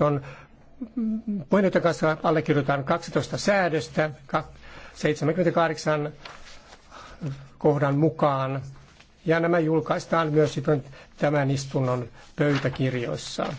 on puheenjohtajan kanssa allekirjoitetaan 12 säädöstä 78 kohdan mukaan. Ja nämä julkaistaan myös tämän istunnon pöytäkirjoissa.